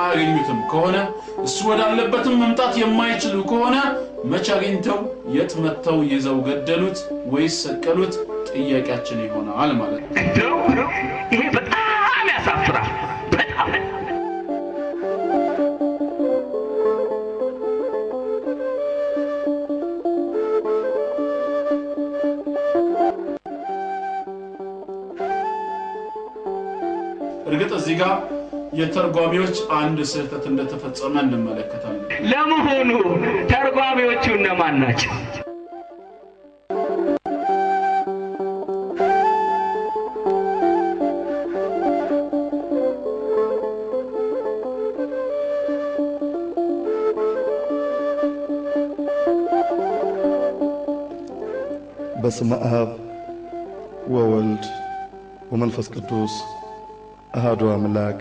የማያገኙትም ከሆነ እሱ ወዳለበትም መምጣት የማይችሉ ከሆነ መቼ አግኝተው የት መጥተው ይዘው ገደሉት ወይስ ሰቀሉት ጥያቄያችን ይሆናል ማለት ነው። የተርጓሚዎች አንድ ስህተት እንደተፈጸመ እንመለከታለን። ለመሆኑ ተርጓሚዎቹ እነማን ናቸው? በስመ አብ ወወልድ ወመንፈስ ቅዱስ አሃዱ አምላክ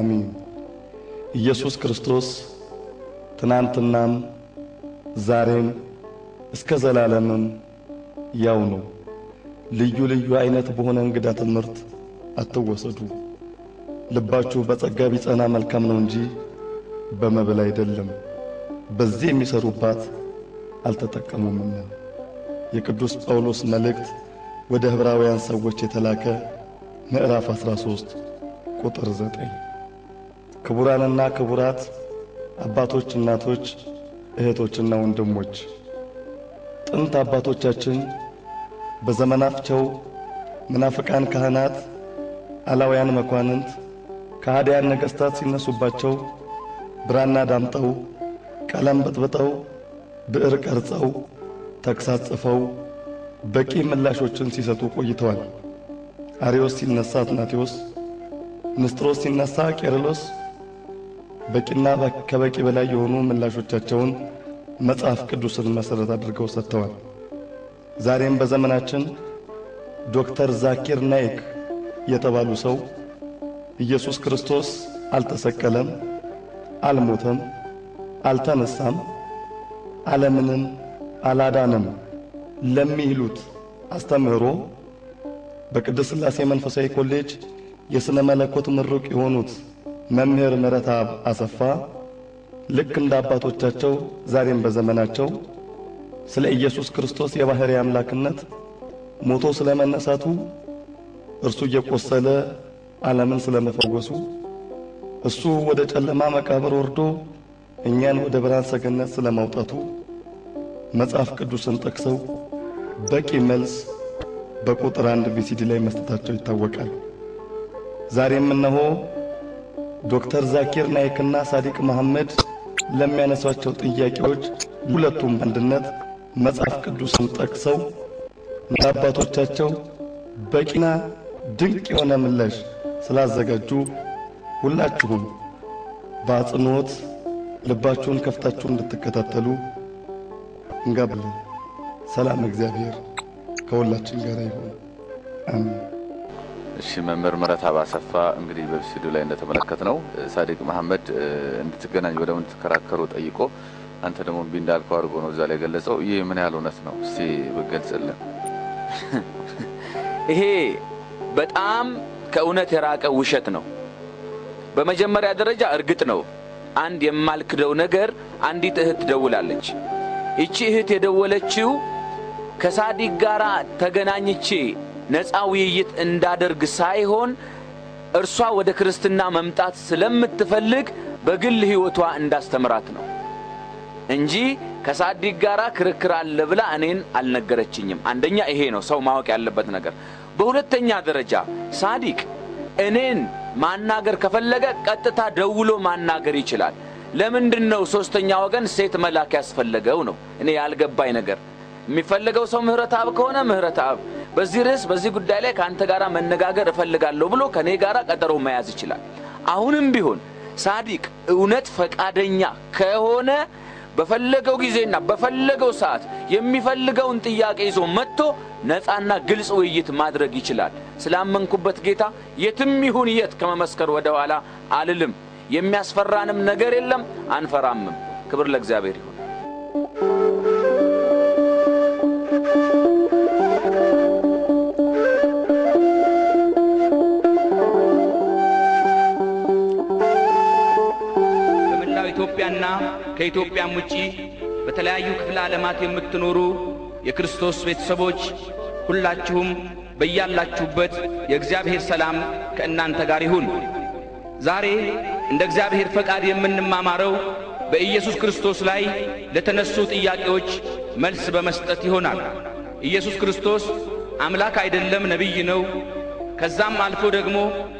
አሚን። ኢየሱስ ክርስቶስ ትናንትናም ዛሬም እስከ ዘላለምም ያው ነው። ልዩ ልዩ አይነት በሆነ እንግዳ ትምህርት አትወሰዱ። ልባችሁ በጸጋ ቢጸና መልካም ነው እንጂ በመብል አይደለም። በዚህ የሚሰሩባት አልተጠቀሙምና። የቅዱስ ጳውሎስ መልእክት ወደ ህብራውያን ሰዎች የተላከ ምዕራፍ 13 ቁጥር 9 ክቡራንና ክቡራት አባቶች፣ እናቶች፣ እህቶችና ወንድሞች ጥንት አባቶቻችን በዘመናቸው መናፍቃን ካህናት፣ አላውያን መኳንንት፣ ከሃዲያን ነገሥታት ሲነሱባቸው ብራና ዳምጠው፣ ቀለም በጥብጠው፣ ብዕር ቀርጸው፣ ተግሳጽ ጽፈው በቂ ምላሾችን ሲሰጡ ቆይተዋል። አርዮስ ሲነሳ አትናቴዎስ፣ ንስጥሮስ ሲነሳ ቄርሎስ በቂና ከበቂ በላይ የሆኑ ምላሾቻቸውን መጽሐፍ ቅዱስን መሠረት አድርገው ሰጥተዋል። ዛሬም በዘመናችን ዶክተር ዛኪር ናይክ የተባሉ ሰው ኢየሱስ ክርስቶስ አልተሰቀለም፣ አልሞተም፣ አልተነሳም፣ ዓለምንም አላዳንም ለሚሉት አስተምህሮ በቅድስት ሥላሴ መንፈሳዊ ኮሌጅ የሥነ መለኮት ምሩቅ የሆኑት መምህር ምረታ አሰፋ ልክ እንደ አባቶቻቸው ዛሬም በዘመናቸው ስለ ኢየሱስ ክርስቶስ የባሕርይ አምላክነት ሞቶ ስለ መነሳቱ እርሱ እየቆሰለ ዓለምን ስለ መፈወሱ እሱ ወደ ጨለማ መቃብር ወርዶ እኛን ወደ ብርሃን ሰገነት ስለ ማውጣቱ መጽሐፍ ቅዱስን ጠቅሰው በቂ መልስ በቁጥር አንድ ቪሲዲ ላይ መስጠታቸው ይታወቃል። ዛሬም እነሆ ዶክተር ዛኪር ናይክና ሳዲቅ መሐመድ ለሚያነሷቸው ጥያቄዎች ሁለቱም አንድነት መጽሐፍ ቅዱስን ጠቅሰው ለአባቶቻቸው በቂና ድንቅ የሆነ ምላሽ ስላዘጋጁ ሁላችሁም በአጽንኦት ልባችሁን ከፍታችሁ እንድትከታተሉ እንጋብዛለን። ሰላም እግዚአብሔር ከሁላችን ጋር ይሁን። አሜን። እሺ መምህር ምረታ ባሰፋ እንግዲህ በስቱዲዮ ላይ እንደተመለከት ነው ሳዲቅ መሐመድ እንድትገናኝ ወደ ምትከራከሩ ጠይቆ አንተ ደግሞ እምቢ እንዳልከው አድርጎ ነው እዛ ላይ ገለጸው። ይህ ምን ያህል እውነት ነው? እስቲ ብገልጽልን። ይሄ በጣም ከእውነት የራቀ ውሸት ነው። በመጀመሪያ ደረጃ እርግጥ ነው አንድ የማልክደው ነገር አንዲት እህት ደውላለች። እቺ እህት የደወለችው ከሳዲቅ ጋር ተገናኝቼ ነፃ ውይይት እንዳደርግ ሳይሆን እርሷ ወደ ክርስትና መምጣት ስለምትፈልግ በግል ሕይወቷ እንዳስተምራት ነው እንጂ ከሳዲቅ ጋራ ክርክር አለ ብላ እኔን አልነገረችኝም። አንደኛ ይሄ ነው ሰው ማወቅ ያለበት ነገር። በሁለተኛ ደረጃ ሳዲቅ እኔን ማናገር ከፈለገ ቀጥታ ደውሎ ማናገር ይችላል። ለምንድን ነው ሶስተኛ ወገን ሴት መላክ ያስፈለገው? ነው እኔ ያልገባኝ ነገር። የሚፈልገው ሰው ምህረት አብ ከሆነ ምህረት አብ በዚህ ርዕስ በዚህ ጉዳይ ላይ ከአንተ ጋር መነጋገር እፈልጋለሁ ብሎ ከእኔ ጋር ቀጠሮ መያዝ ይችላል። አሁንም ቢሆን ሳዲቅ እውነት ፈቃደኛ ከሆነ በፈለገው ጊዜና በፈለገው ሰዓት የሚፈልገውን ጥያቄ ይዞ መጥቶ ነፃና ግልጽ ውይይት ማድረግ ይችላል። ስላመንኩበት ጌታ የትም ይሁን የት ከመመስከር ወደ ኋላ አልልም። የሚያስፈራንም ነገር የለም፣ አንፈራምም። ክብር ለእግዚአብሔር ይሁን። ከኢትዮጵያም ውጪ በተለያዩ ክፍለ ዓለማት የምትኖሩ የክርስቶስ ቤተሰቦች ሁላችሁም በያላችሁበት የእግዚአብሔር ሰላም ከእናንተ ጋር ይሁን። ዛሬ እንደ እግዚአብሔር ፈቃድ የምንማማረው በኢየሱስ ክርስቶስ ላይ ለተነሱ ጥያቄዎች መልስ በመስጠት ይሆናል። ኢየሱስ ክርስቶስ አምላክ አይደለም፣ ነቢይ ነው ከዛም አልፎ ደግሞ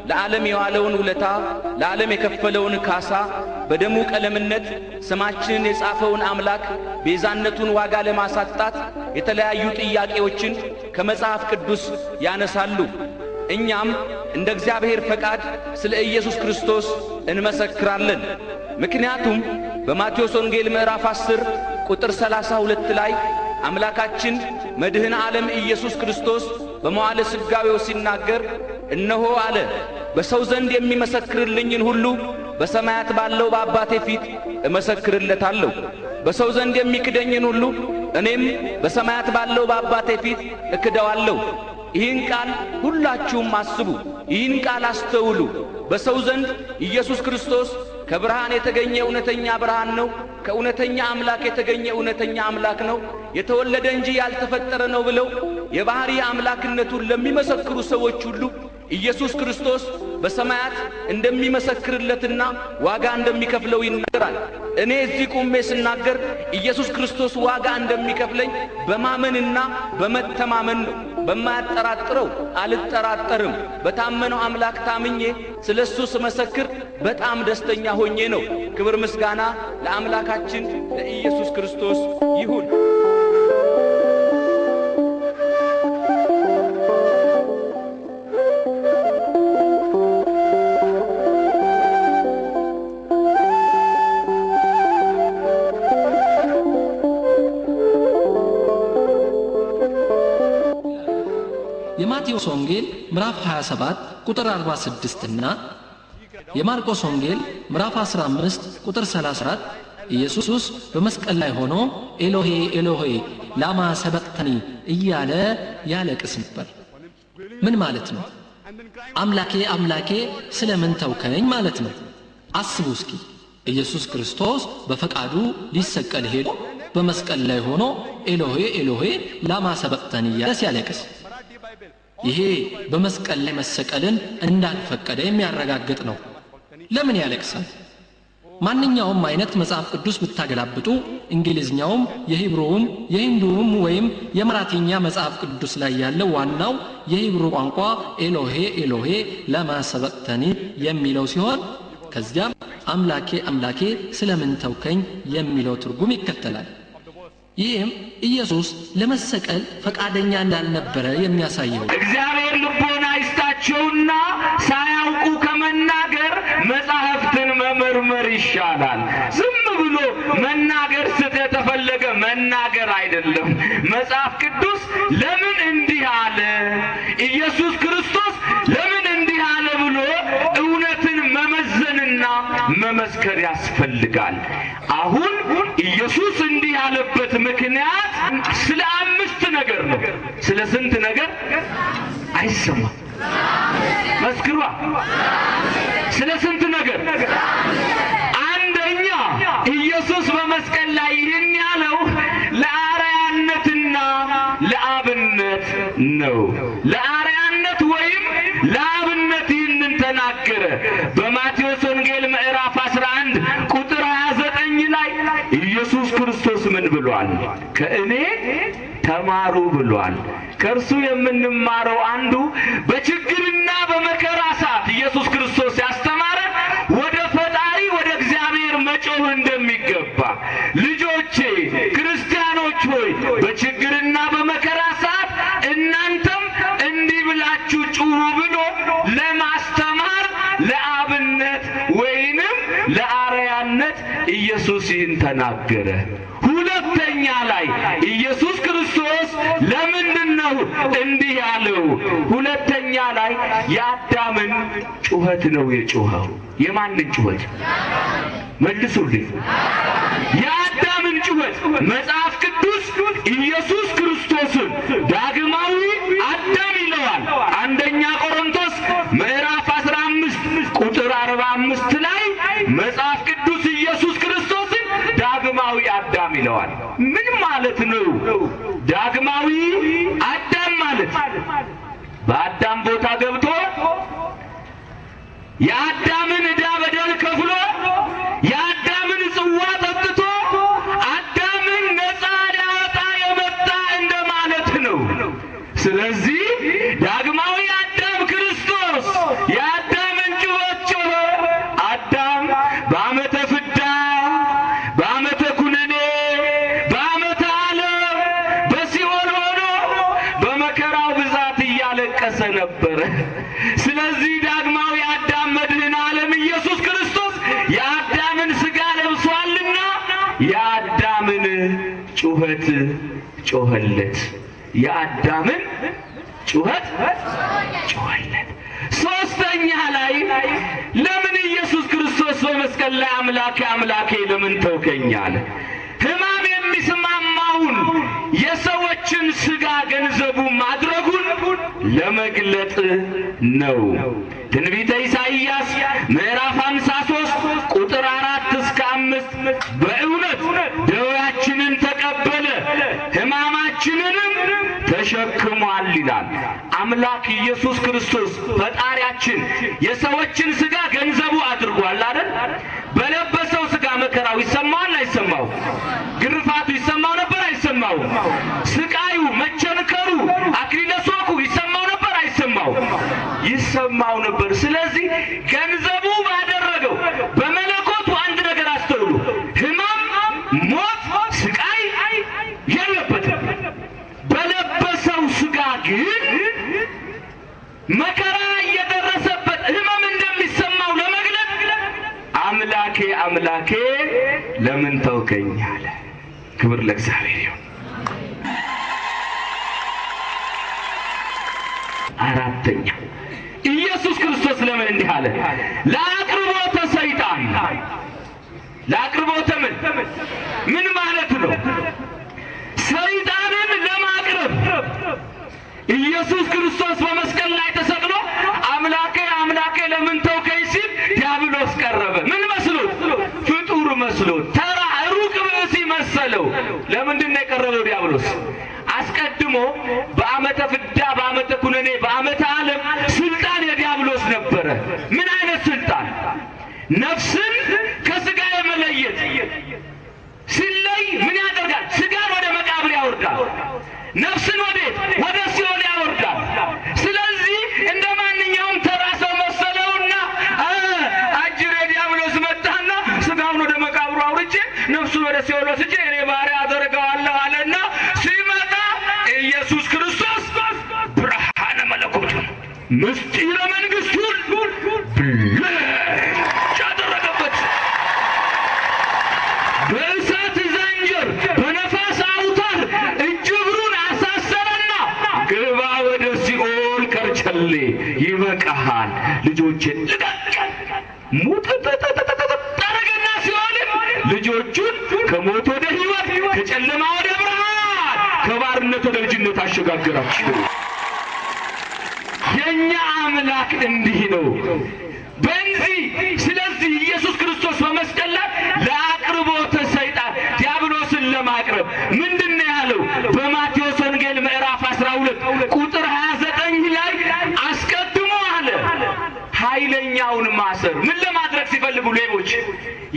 ለዓለም የዋለውን ውለታ ለዓለም የከፈለውን ካሳ በደሙ ቀለምነት ስማችንን የጻፈውን አምላክ ቤዛነቱን ዋጋ ለማሳጣት የተለያዩ ጥያቄዎችን ከመጽሐፍ ቅዱስ ያነሳሉ። እኛም እንደ እግዚአብሔር ፈቃድ ስለ ኢየሱስ ክርስቶስ እንመሰክራለን። ምክንያቱም በማቴዎስ ወንጌል ምዕራፍ ዐሥር ቁጥር ሁለት ላይ አምላካችን መድህን ዓለም ኢየሱስ ክርስቶስ በመዋለ ስጋቤው ሲናገር እነሆ አለ በሰው ዘንድ የሚመሰክርልኝን ሁሉ በሰማያት ባለው በአባቴ ፊት እመሰክርለታለሁ። በሰው ዘንድ የሚክደኝን ሁሉ እኔም በሰማያት ባለው በአባቴ ፊት እክደዋለሁ። ይህን ቃል ሁላችሁም አስቡ፣ ይህን ቃል አስተውሉ። በሰው ዘንድ ኢየሱስ ክርስቶስ ከብርሃን የተገኘ እውነተኛ ብርሃን ነው። ከእውነተኛ አምላክ የተገኘ እውነተኛ አምላክ ነው። የተወለደ እንጂ ያልተፈጠረ ነው ብለው የባሕሪ አምላክነቱን ለሚመሰክሩ ሰዎች ሁሉ ኢየሱስ ክርስቶስ በሰማያት እንደሚመሰክርለትና ዋጋ እንደሚከፍለው ይናገራል። እኔ እዚህ ቁሜ ስናገር ኢየሱስ ክርስቶስ ዋጋ እንደሚከፍለኝ በማመንና በመተማመን ነው። በማያጠራጥረው አልጠራጠርም። በታመነው አምላክ ታምኜ ስለ እሱ ስመሰክር በጣም ደስተኛ ሆኜ ነው። ክብር ምስጋና ለአምላካችን ለኢየሱስ ክርስቶስ ይሁን። የማቴዎስ ወንጌል ምዕራፍ 27 ቁጥር 46 እና የማርቆስ ወንጌል ምዕራፍ 15 ቁጥር 34 ኢየሱስ በመስቀል ላይ ሆኖ ኤሎሄ ኤሎሄ ላማ ሰበቅተኒ እያለ ያለቅስ ነበር። ምን ማለት ነው? አምላኬ አምላኬ ስለምን ተውከኝ ማለት ነው። አስቡ እስኪ ኢየሱስ ክርስቶስ በፈቃዱ ሊሰቀል ሄዶ በመስቀል ላይ ሆኖ ኤሎሄ ኤሎሄ ላማ ሰበቅተኒ እያለ ሲያለቅስ ይሄ በመስቀል ላይ መሰቀልን እንዳልፈቀደ የሚያረጋግጥ ነው። ለምን ያለቅሳል? ማንኛውም አይነት መጽሐፍ ቅዱስ ብታገላብጡ እንግሊዝኛውም፣ የሂብሮውም፣ የሂንዱውም ወይም የመራቴኛ መጽሐፍ ቅዱስ ላይ ያለው ዋናው የሂብሩ ቋንቋ ኤሎሄ ኤሎሄ ለማሰበቅተኒ የሚለው ሲሆን ከዚያም አምላኬ አምላኬ ስለምን ተውከኝ የሚለው ትርጉም ይከተላል። ይህም ኢየሱስ ለመሰቀል ፈቃደኛ እንዳልነበረ የሚያሳየው እግዚአብሔር ልቦና አይስታቸውና ሳያውቁ ከመናገር መጻሕፍትን መመርመር ይሻላል። ዝም ብሎ መናገር የተፈለገ መናገር አይደለም። መጽሐፍ ቅዱስ ለምን እንዲህ አለ? ኢየሱስ ክርስቶስ መመስከር ያስፈልጋል። አሁን ኢየሱስ እንዲህ ያለበት ምክንያት ስለ አምስት ነገር ነው። ስለ ስንት ነገር አይሰማም? መስክሯ። ስለ ስንት ነገር? አንደኛ ኢየሱስ በመስቀል ላይ ይህን ያለው ለአርአያነትና ለአብነት ነው። ብሏል። ከእኔ ተማሩ ብሏል። ከእርሱ የምንማረው አንዱ በችግርና በመከራ ሰዓት ኢየሱስ ክርስቶስ ያስተማረ ወደ ፈጣሪ ወደ እግዚአብሔር መጮህ እንደሚገባ ልጆቼ፣ ክርስቲያኖች ሆይ በችግርና በመከራ ሰዓት እናንተም እንዲህ ብላችሁ ጩሁ ብሎ ለማስተማር ለአብነት ወይንም ለአርያነት ኢየሱስ ይህን ተናገረ። ኢየሱስ ክርስቶስ ለምንድን ነው እንዲህ ያለው? ሁለተኛ ላይ የአዳምን ጩኸት ነው የጮኸው። የማንን ጩኸት መልሱልኝ? የአዳምን ጩኸት። መጽሐፍ ቅዱስ ኢየሱስ ክርስቶስን ዳግማዊ አዳም ይለዋል። አንደኛ ቆሮንቶስ ምዕራፍ 15 ቁጥር 45 ላይ መጽሐፍ ቅዱስ ኢየሱስ ክርስቶስን ዳግማዊ አዳም ይለዋል። ማለት ነው። ዳግማዊ አዳም ማለት በአዳም ቦታ ገብቶ የአዳምን ዕዳ በደል ከፍሎ የአዳምን ጽዋ ጠጥቶ አዳምን ነፃ ሊያወጣ የመጣ እንደማለት ነው። ስለዚህ እያለቀሰ ነበረ። ስለዚህ ዳግማዊ አዳም መድህን ዓለም ኢየሱስ ክርስቶስ የአዳምን ሥጋ ለብሷልና የአዳምን ጩኸት ጮኸለት። የአዳምን ጩኸት ጮኸለት። ሶስተኛ ላይ ለምን ኢየሱስ ክርስቶስ በመስቀል ላይ አምላኬ አምላኬ ለምን ተውከኝ አለ። የሰዎችን ስጋ ገንዘቡ ማድረጉን ለመግለጥ ነው። ትንቢተ ኢሳይያስ ምዕራፍ 53 ቁጥር 4 እስከ 5 በእውነት ደዌያችንን ተቀበለ ህማማችንንም ተሸክሟል ይላል። አምላክ ኢየሱስ ክርስቶስ ፈጣሪያችን የሰዎችን ስጋ ስቃዩ፣ መቸንከሩ፣ አክሊለ ሦኩ ይሰማው ነበር? አይሰማው? ይሰማው ነበር። ስለዚህ ገንዘቡ ባደረገው በመለኮቱ አንድ ነገር አስተውሉ። ህማም፣ ሞት፣ ስቃይ የለበትም። በለበሰው ስጋ ግን መከራ እየደረሰበት ህመም እንደሚሰማው ለመግለጥ አምላኬ አምላኬ ለምን ተውከኝ አለ። ክብር ለእግዚአብሔር ይሁን። አራተኛው ኢየሱስ ክርስቶስ ለምን እንዲህ አለ? ለአቅርቦተ ሰይጣን ለአቅርቦተ ምን ምን ማለት ነው? ሰይጣንን ለማቅረብ ኢየሱስ ክርስቶስ በመስቀል ላይ ተሰቅሎ አምላኬ አምላኬ ለምን ተውከኝ ሲል ዲያብሎስ ቀረበ። ምን መስሎት? ፍጡር መስሎት፣ ተራ ሩቅ ብእሲ መሰለው። ለምንድን ነው የቀረበው ዲያብሎስ? አስቀድሞ በአመተ ፍዳ በአመተ ኩነኔ ሲኦል ወስጄ እኔ ባሪያ አደርገዋለሁ አለና ሲመጣ ኢየሱስ ክርስቶስ ብርሃነ መለኮት ምስጢረ መንግስቱን ብልጭ አደረገበት። በእሳት ዘንጀር በነፋስ አውታር እጅ አሳሰረና ግባ ወደ ሲኦል ከርቸሌ ይበቃሃል ልጆቼ አሸጋገራችሁ። የእኛ አምላክ እንዲህ ነው። በዚህ ስለዚህ ኢየሱስ ክርስቶስ በመስቀል ላይ ለአቅርቦተ ሰይጣን ዲያብሎስን ለማቅረብ ምንድን ነው ያለው? በማቴዎስ ወንጌል ምዕራፍ 12 ቁጥር 29 ላይ አስቀድሞ አለ ኃይለኛውን ማሰር። ምን ለማድረግ ሲፈልጉ ሌቦች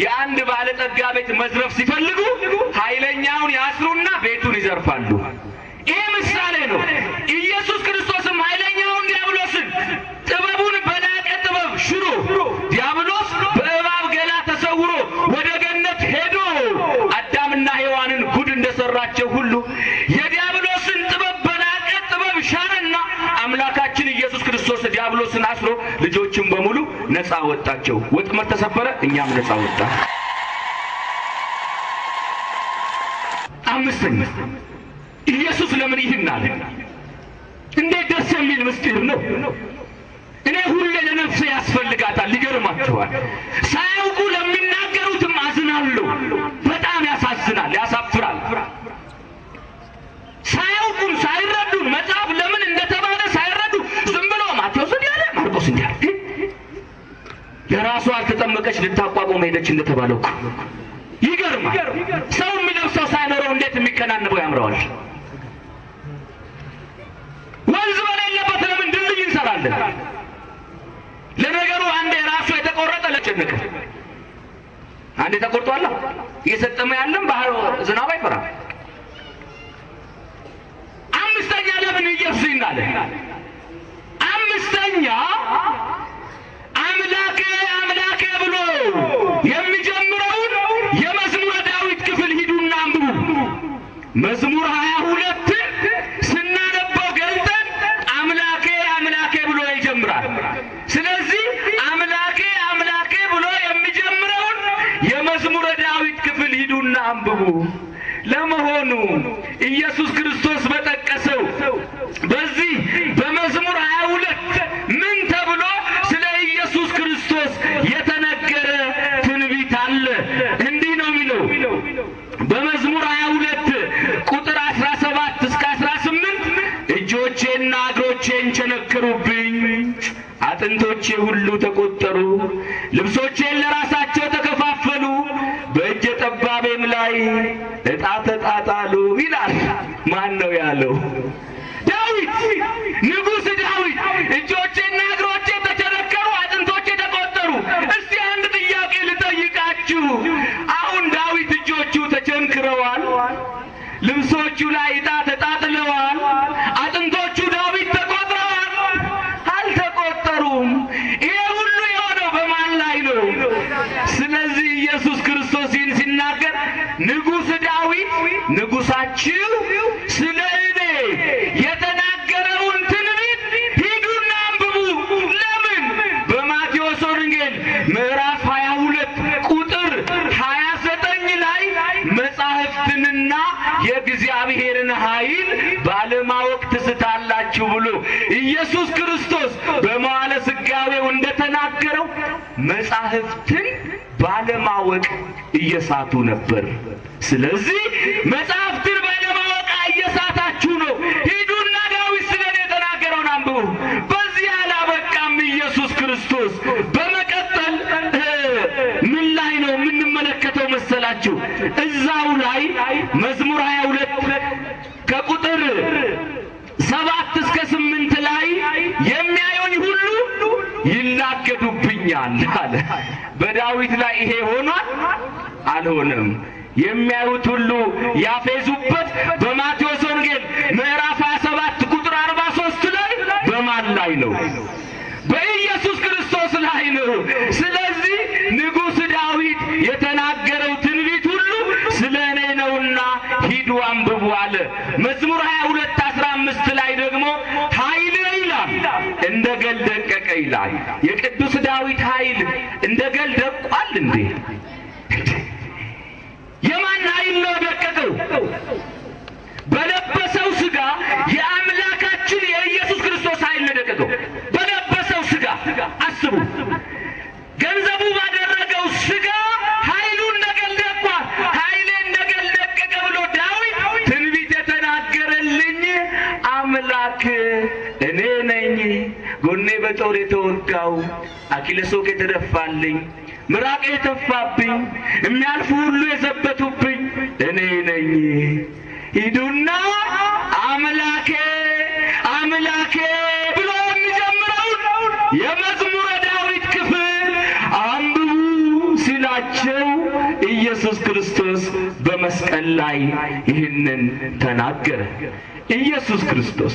የአንድ ባለጠጋ ቤት መዝረፍ ሲፈልጉ ኃይለኛውን ያስሩና ቤቱን ይዘርፋሉ። ነፃ ወጣቸው። ወጥመድ ተሰበረ፣ እኛም ነፃ ወጣ። አምስተኛ ኢየሱስ ለምን ይህናል? እንዴት ደስ የሚል ምስጢር ነው! እኔ ሁሌ ለነፍሴ ያስፈልጋታል። ይገርማችኋል ራሷ አልተጠመቀች ልታቋቁም ሄደች እንደተባለው ይገርማል። ሰው የሚለብሰው ሳይኖረው እንዴት የሚከናንበው ያምረዋል። ወንዝ በሌለበት ለምን ድልድይ እንሰራለን? ለነገሩ አንድ ራሱ የተቆረጠ ለጭንቅ አንድ ተቆርጧል። እየሰጠመ ያለም ባህር ዝናብ አይፈራም። አምስተኛ ለምን ኢየሱስ ይናለ አምስተኛ አምላኬ አምላኬ ብሎ የሚጀምረውን የመዝሙረ ዳዊት ክፍል ሂዱና አንብቡ። መዝሙር ሀያ ሁለትን ስናነበው ገልጠን አምላኬ አምላኬ ብሎ ይጀምራል። ስለዚህ አምላኬ አምላኬ ብሎ የሚጀምረውን የመዝሙረ ዳዊት ክፍል ሂዱና አንብቡ። ለመሆኑ ኢየሱስ ክርስቶስ በጠቀሰው በዚህ በመዝሙር አጥንቶቼ ሁሉ ተቆጠሩ። ልብሶቼን ለራሳቸው ተከፋፈሉ፣ በእጀ ጠባቤም ላይ እጣ ተጣጣሉ ይላል። ማን ነው ያለው? ዳዊት፣ ንጉሥ ዳዊት። እጆቼና እግሮቼ ተቸነከሩ፣ አጥንቶቼ ተቆጠሩ። እስቲ አንድ ጥያቄ ልጠይቃችሁ። አሁን ዳዊት እጆቹ ተቸንክረዋል፣ ልብሶቹ ላይ እጣ ተጣጥለዋል። ሰምታችሁ ስለ እኔ የተናገረውን ትንቢት ሂዱና አንብቡ። ለምን? በማቴዎስ ወንጌል ምዕራፍ 22 ቁጥር 29 ላይ መጻሕፍትንና የእግዚአብሔርን ኃይል ባለማወቅ ትስታላችሁ ብሎ ኢየሱስ ክርስቶስ በመዋለ ሥጋዌው እንደተናገረው መጻሕፍትን ባለማወቅ እየሳቱ ነበር። ስለዚህ መጽሐፍ ልንገራችሁ። እዛው ላይ መዝሙር 22 ከቁጥር ሰባት እስከ ስምንት ላይ የሚያዩኝ ሁሉ ይናገዱብኛል አለ። በዳዊት ላይ ይሄ ሆኗል አልሆነም? የሚያዩት ሁሉ ያፌዙበት በማቴዎስ መዝሙር 22 15 ላይ ደግሞ ኃይል ይላል እንደ ገል ደቀቀ ይላል። የቅዱስ ዳዊት ኃይል እንደ ገል ደቋል እንዴ? የማን ኃይል ነው ደቀቀው? በለበሰው ስጋ? ተወጋው የተወጋው አኪለሶ የተደፋልኝ ምራቅ የተፋብኝ የሚያልፉ ሁሉ የዘበቱብኝ እኔ ነኝ። ሂዱና አምላኬ አምላኬ ብሎ የሚጀምረው የመዝሙረ ዳዊት ክፍል አንብቡ ሲላቸው ኢየሱስ ክርስቶስ በመስቀል ላይ ይህንን ተናገረ። ኢየሱስ ክርስቶስ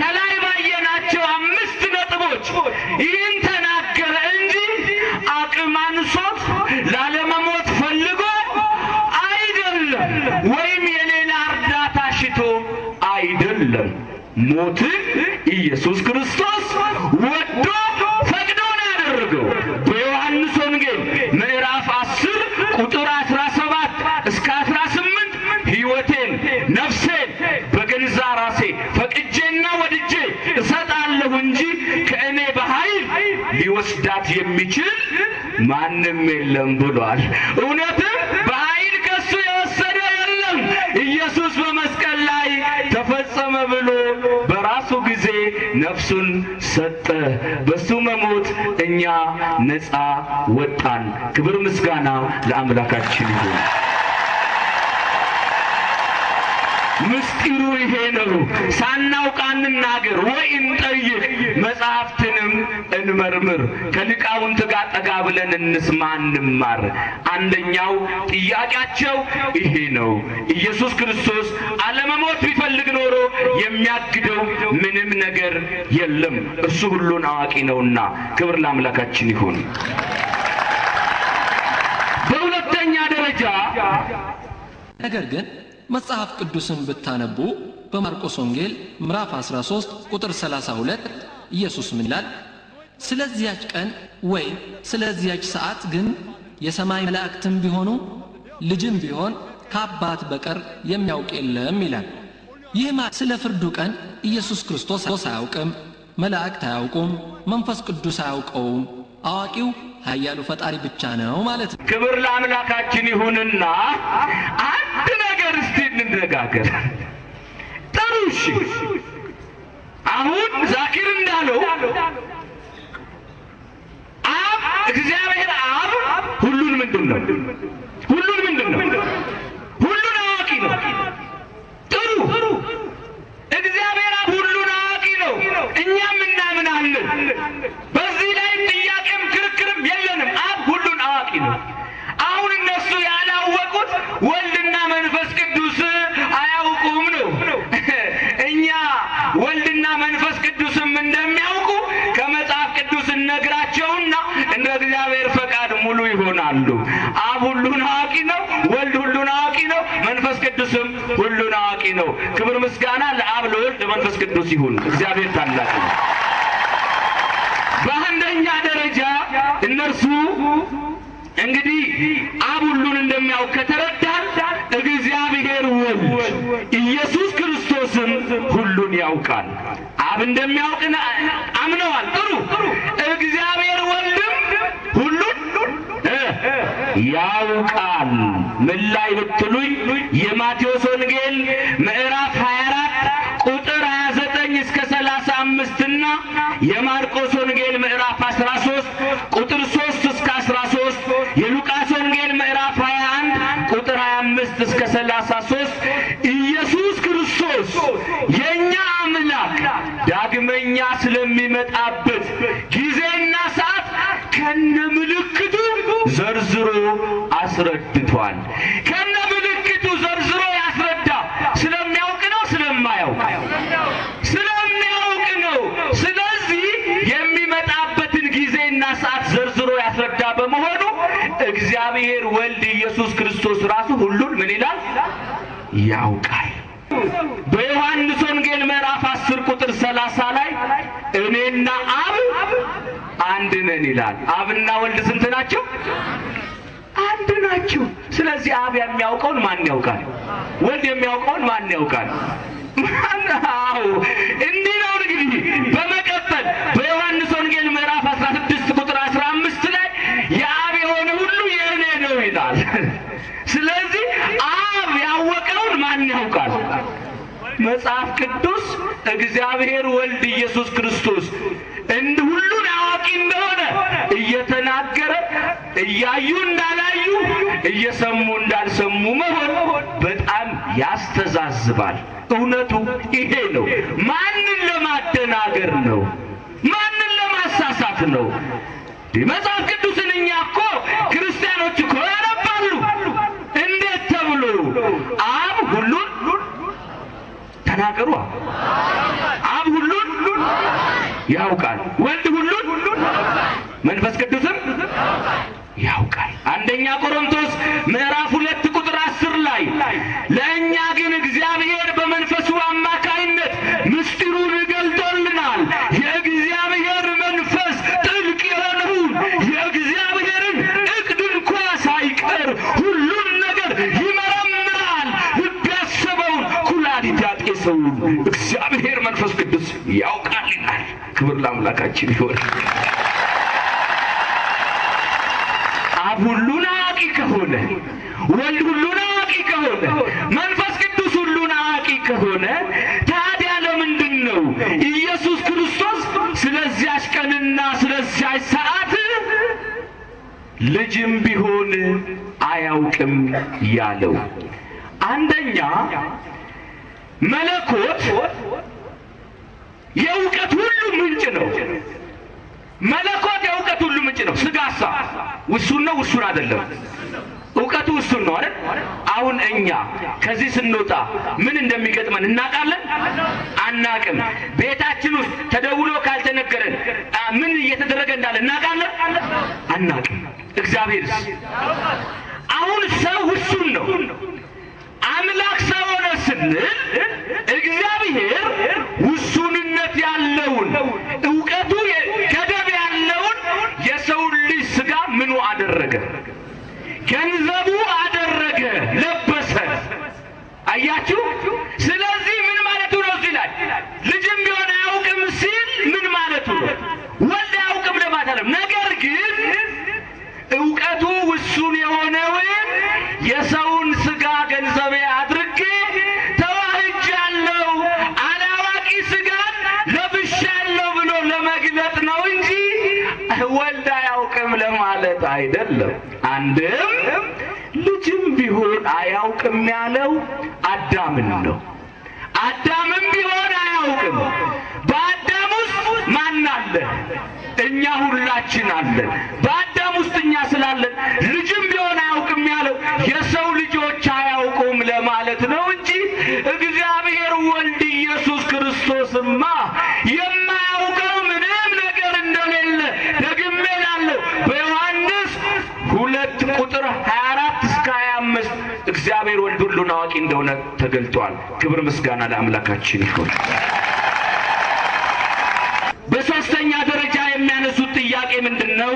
ከላይ ባየናቸው አምስት ሰዎች ይህን ተናገረ እንጂ አቅም አንሶት ላለመሞት ፈልጎ አይደለም፣ ወይም የሌላ እርዳታ ሽቶ አይደለም። ሞትን ኢየሱስ ክርስቶስ ወዶ መውጣት የሚችል ማንም የለም ብሏል። እውነትም በኃይል ከሱ የወሰደ የለም። ኢየሱስ በመስቀል ላይ ተፈጸመ ብሎ በራሱ ጊዜ ነፍሱን ሰጠ። በሱ መሞት እኛ ነፃ ወጣን። ክብር ምስጋና ለአምላካችን ይሁን። ምስጢሩ ይሄ ነው። ሳናውቅ አንናገር ወይ እንጠይቅ፣ መጽሐፍትንም እንመርምር፣ ከሊቃውንት ጋር ጠጋ ብለን እንስማ፣ እንማር። አንደኛው ጥያቄያቸው ይሄ ነው። ኢየሱስ ክርስቶስ አለመሞት ቢፈልግ ኖሮ የሚያግደው ምንም ነገር የለም፣ እሱ ሁሉን አዋቂ ነውና። ክብር ለአምላካችን ይሁን። በሁለተኛ ደረጃ ነገር ግን መጽሐፍ ቅዱስን ብታነቡ በማርቆስ ወንጌል ምዕራፍ 13 ቁጥር 32 ኢየሱስ ምን ይላል? ስለዚያች ቀን ወይም ስለዚያች ሰዓት ግን የሰማይ መላእክትም ቢሆኑ ልጅም ቢሆን ከአባት በቀር የሚያውቅ የለም ይላል። ይህ ስለ ፍርዱ ቀን ኢየሱስ ክርስቶስ አያውቅም፣ መላእክት አያውቁም፣ መንፈስ ቅዱስ አያውቀውም። አዋቂው ኃያሉ ፈጣሪ ብቻ ነው ማለት ነው። ክብር ለአምላካችን ይሁንና አንድ እስቲ እንነጋገር። ጥሩ እሺ። አሁን ዛኪር እንዳለው አብ እግዚአብሔር አብ ሁሉን ምንድን ነው? ሁሉን ምንድን ነው? ሁሉን አዋቂ ነው። ጥሩ እግዚአብሔር አብ ሁሉን አዋቂ ነው። እኛም እናምናለን። ቅዱስም ሁሉን አዋቂ ነው። ክብር ምስጋና ለአብ ለወልድ ለመንፈስ ቅዱስ ይሁን። እግዚአብሔር ታላቅ ነው። በአንደኛ ደረጃ እነርሱ እንግዲህ አብ ሁሉን እንደሚያውቅ ከተረዳን እግዚአብሔር ወልድ ኢየሱስ ክርስቶስም ሁሉን ያውቃል። አብ እንደሚያውቅ አምነዋል። ጥሩ። እግዚአብሔር ወልድም ሁሉን ያውቃል። ምን ላይ ብትሉኝ የማቴዎስ ወንጌል ምዕራፍ 24 ቁጥር 29 እስከ 35 እና የማርቆስ ወንጌል ምዕራፍ 13 ቁጥር 3 እስከ 13 የሉቃስ ወንጌል ምዕራፍ 21 ቁጥር 25 እስከ 33 ኢየሱስ ክርስቶስ የእኛ አምላክ ዳግመኛ ስለሚመጣበት ጊዜና ሰዓት ከነ ምልክቱ ዘርዝሮ አስረዳ። ተጽፏል። ከነ ምልክቱ ዘርዝሮ ያስረዳ ስለሚያውቅ ነው ስለማያውቅ ስለሚያውቅ ነው። ስለዚህ የሚመጣበትን ጊዜና ሰዓት ዘርዝሮ ያስረዳ በመሆኑ እግዚአብሔር ወልድ ኢየሱስ ክርስቶስ ራሱ ሁሉን ምን ይላል ያውቃል። በዮሐንስ ወንጌል ምዕራፍ 10 ቁጥር 30 ላይ እኔና አብ አንድ ነን ይላል። አብና ወልድ ስንት ናቸው? አንድ ናቸው። ስለዚህ አብ የሚያውቀውን ማን ያውቃል? ወልድ የሚያውቀውን ማን ያውቃል? ማናው እንዲህ ነው እንግዲህ። በመቀጠል በዮሐንስ ወንጌል ምዕራፍ 16 ቁጥር 15 ላይ የአብ የሆነ ሁሉ የእኔ ነው ይላል። ስለዚህ አብ ያወቀውን ማን ያውቃል? መጽሐፍ ቅዱስ እግዚአብሔር ወልድ ኢየሱስ ክርስቶስ እንድ ሁሉን አዋቂ እንደሆነ እየተናገረ እያዩ እንዳላዩ እየሰሙ እንዳልሰሙ መሆን በጣም ያስተዛዝባል። እውነቱ ይሄ ነው። ማንን ለማደናገር ነው? ማንን ለማሳሳት ነው? መጽሐፍ ቅዱስን እኛ እኮ ክርስቲያኖች እኮ ያነባሉ። እንዴት ተብሎ አብ ሁሉን ተናገሯ አብ ሁሉን ያውቃል፣ ወልድ ሁሉን መንፈስ ቅዱስም ያውቃል። አንደኛ ቆሮንቶስ ምዕራፍ ሁለት ቁጥር አስር ላይ ለእኛ ግን እግዚአብሔር በመንፈሱ አማካይነት ምስጢሩን ገልጦልናል። የእግዚአብሔር መንፈስ ጥልቅ የሆነውን የእግዚአብሔርን እቅድ እንኳ ሳይቀር ሁሉን ነገር ይመረምራል። ልብ ያሰበውን ኩላሊት ያጤሰውን እግዚአብሔር መንፈስ ቅዱስ ያውቃል ይላል። ክብር ለአምላካችን ይሆናል። አዋቂ ከሆነ ወልድ ሁሉን አዋቂ ከሆነ መንፈስ ቅዱስ ሁሉን አዋቂ ከሆነ ታዲያ ለምንድን ነው ኢየሱስ ክርስቶስ ስለዚያች ቀንና ስለዚያች ሰዓት ልጅም ቢሆን አያውቅም ያለው? አንደኛ መለኮት የው ውሱን ነው ውሱን አይደለም? እውቀቱ ውሱን ነው አይደል? አሁን እኛ ከዚህ ስንወጣ ምን እንደሚገጥመን እናውቃለን አናቅም። ቤታችን ውስጥ ተደውሎ ካልተነገረን ምን እየተደረገ እንዳለ እናውቃለን አናቅም። እግዚአብሔርስ አሁን ሰው ውሱን ነው። አምላክ ሰው ሆነ ስንል እግዚአብሔር ውሱንነት ያለውን እውቀቱ ምኑ አደረገ? ገንዘቡ አደረገ፣ ለበሰ። አያችሁ? ስለዚህ ምን ማለቱ ነው? እዚህ ላይ ልጅም ቢሆን አያውቅም ሲል ምን ማለቱ ነው? ወልድ አያውቅም ለማለት አለም። ነገር ግን እውቀቱ ውሱን የሆነውን የሰውን ስጋ ገንዘቤ አድርጌ ተዋህጃለሁ፣ አላዋቂ ስጋን ለብሻለሁ ብሎ ለመግለጥ ነው እንጂ ወልድ ማለት አይደለም። አንድም ልጅም ቢሆን አያውቅም ያለው አዳምን ነው። አዳምም ቢሆን አያውቅም። በአዳም ውስጥ ማን አለ? እኛ ሁላችን አለን። በአዳም ውስጥ እኛ ስላለን ልጅም ቢሆን አያውቅም ያለው የሰው ልጆች አያውቁም ለማለት ነው እንጂ እግዚአብሔር ወልድ ኢየሱስ ክርስቶስማ እግዚአብሔር ወልድ ሁሉን አዋቂ እንደሆነ ተገልጧል። ክብር ምስጋና ለአምላካችን ይሁን። በሶስተኛ ደረጃ የሚያነሱት ጥያቄ ምንድን ነው?